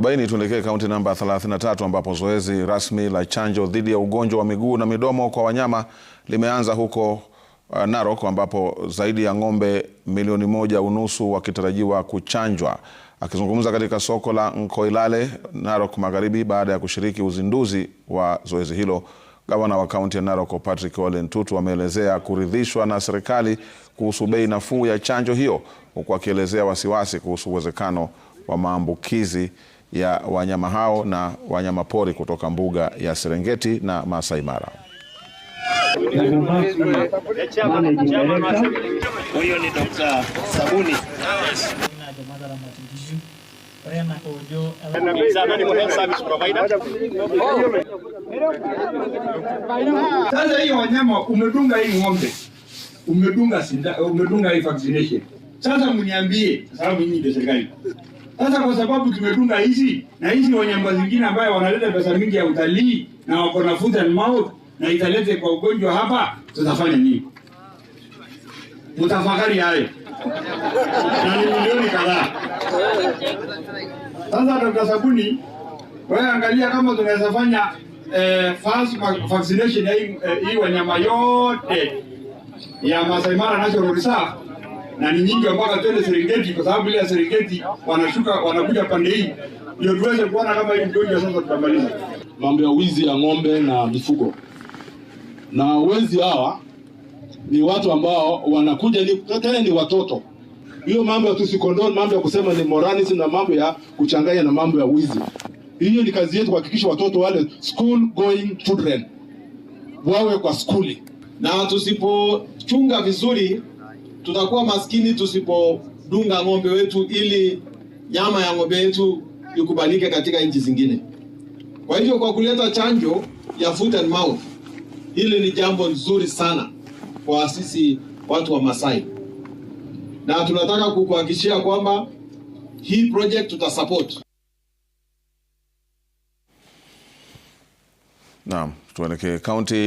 40 tuelekee kaunti namba 33 ambapo zoezi rasmi la chanjo dhidi ya ugonjwa wa miguu na midomo kwa wanyama limeanza huko uh, Narok ambapo zaidi ya ng'ombe milioni moja unusu wakitarajiwa kuchanjwa. Akizungumza katika soko la Nkoilale, Narok Magharibi, baada ya kushiriki uzinduzi wa zoezi hilo, gavana wa kaunti ya Narok Patrick Ole Ntutu ameelezea kuridhishwa na serikali kuhusu bei nafuu ya chanjo hiyo, huku akielezea wasiwasi kuhusu uwezekano wa maambukizi ya wanyama hao na wanyamapori kutoka mbuga ya Serengeti na Maasai Mara. Sasa hiyo wanyama umedunga hii ng'ombe, umedunga sindano, umedunga hii vaccination. Sasa mniambie, sababu nyinyi ndio serikali sasa kwa sababu tumedunga hizi na hizi wanyama zingine ambayo wanaleta pesa mingi ya utalii na wako na foot and mouth na italete kwa ugonjwa hapa, tutafanya nini? Mtafakari hayo na ni milioni kadhaa. Sasa dokta Sabuni, wewe angalia kama tunaweza fanya eh, fast vaccination ya hii eh, wanyama yote ya Masai Mara National Reserve na ni nyingi mpaka twende Serengeti, kwa sababu ile ya Serengeti wanashuka wanakuja pande hii, ndio tuweze kuona kama hii mgonjwa sasa tutamaliza mambo ya wizi ya ng'ombe na mifugo. Na wezi hawa ni watu ambao wanakuja ni tena ni watoto. Hiyo mambo ya tusikondoni, mambo ya kusema ni moralism na mambo ya kuchanganya na mambo ya wizi, hiyo ni kazi yetu kuhakikisha watoto wale school going children wawe kwa skuli, na tusipochunga vizuri tutakuwa maskini tusipodunga ng'ombe wetu ili nyama ya ng'ombe yetu ikubalike katika nchi zingine. Kwa hivyo kwa kuleta chanjo ya foot and mouth, hili ni jambo nzuri sana kwa sisi watu wa Masai, na tunataka kukuhakikishia kwamba hii project tutasupport. Naam, tuelekee county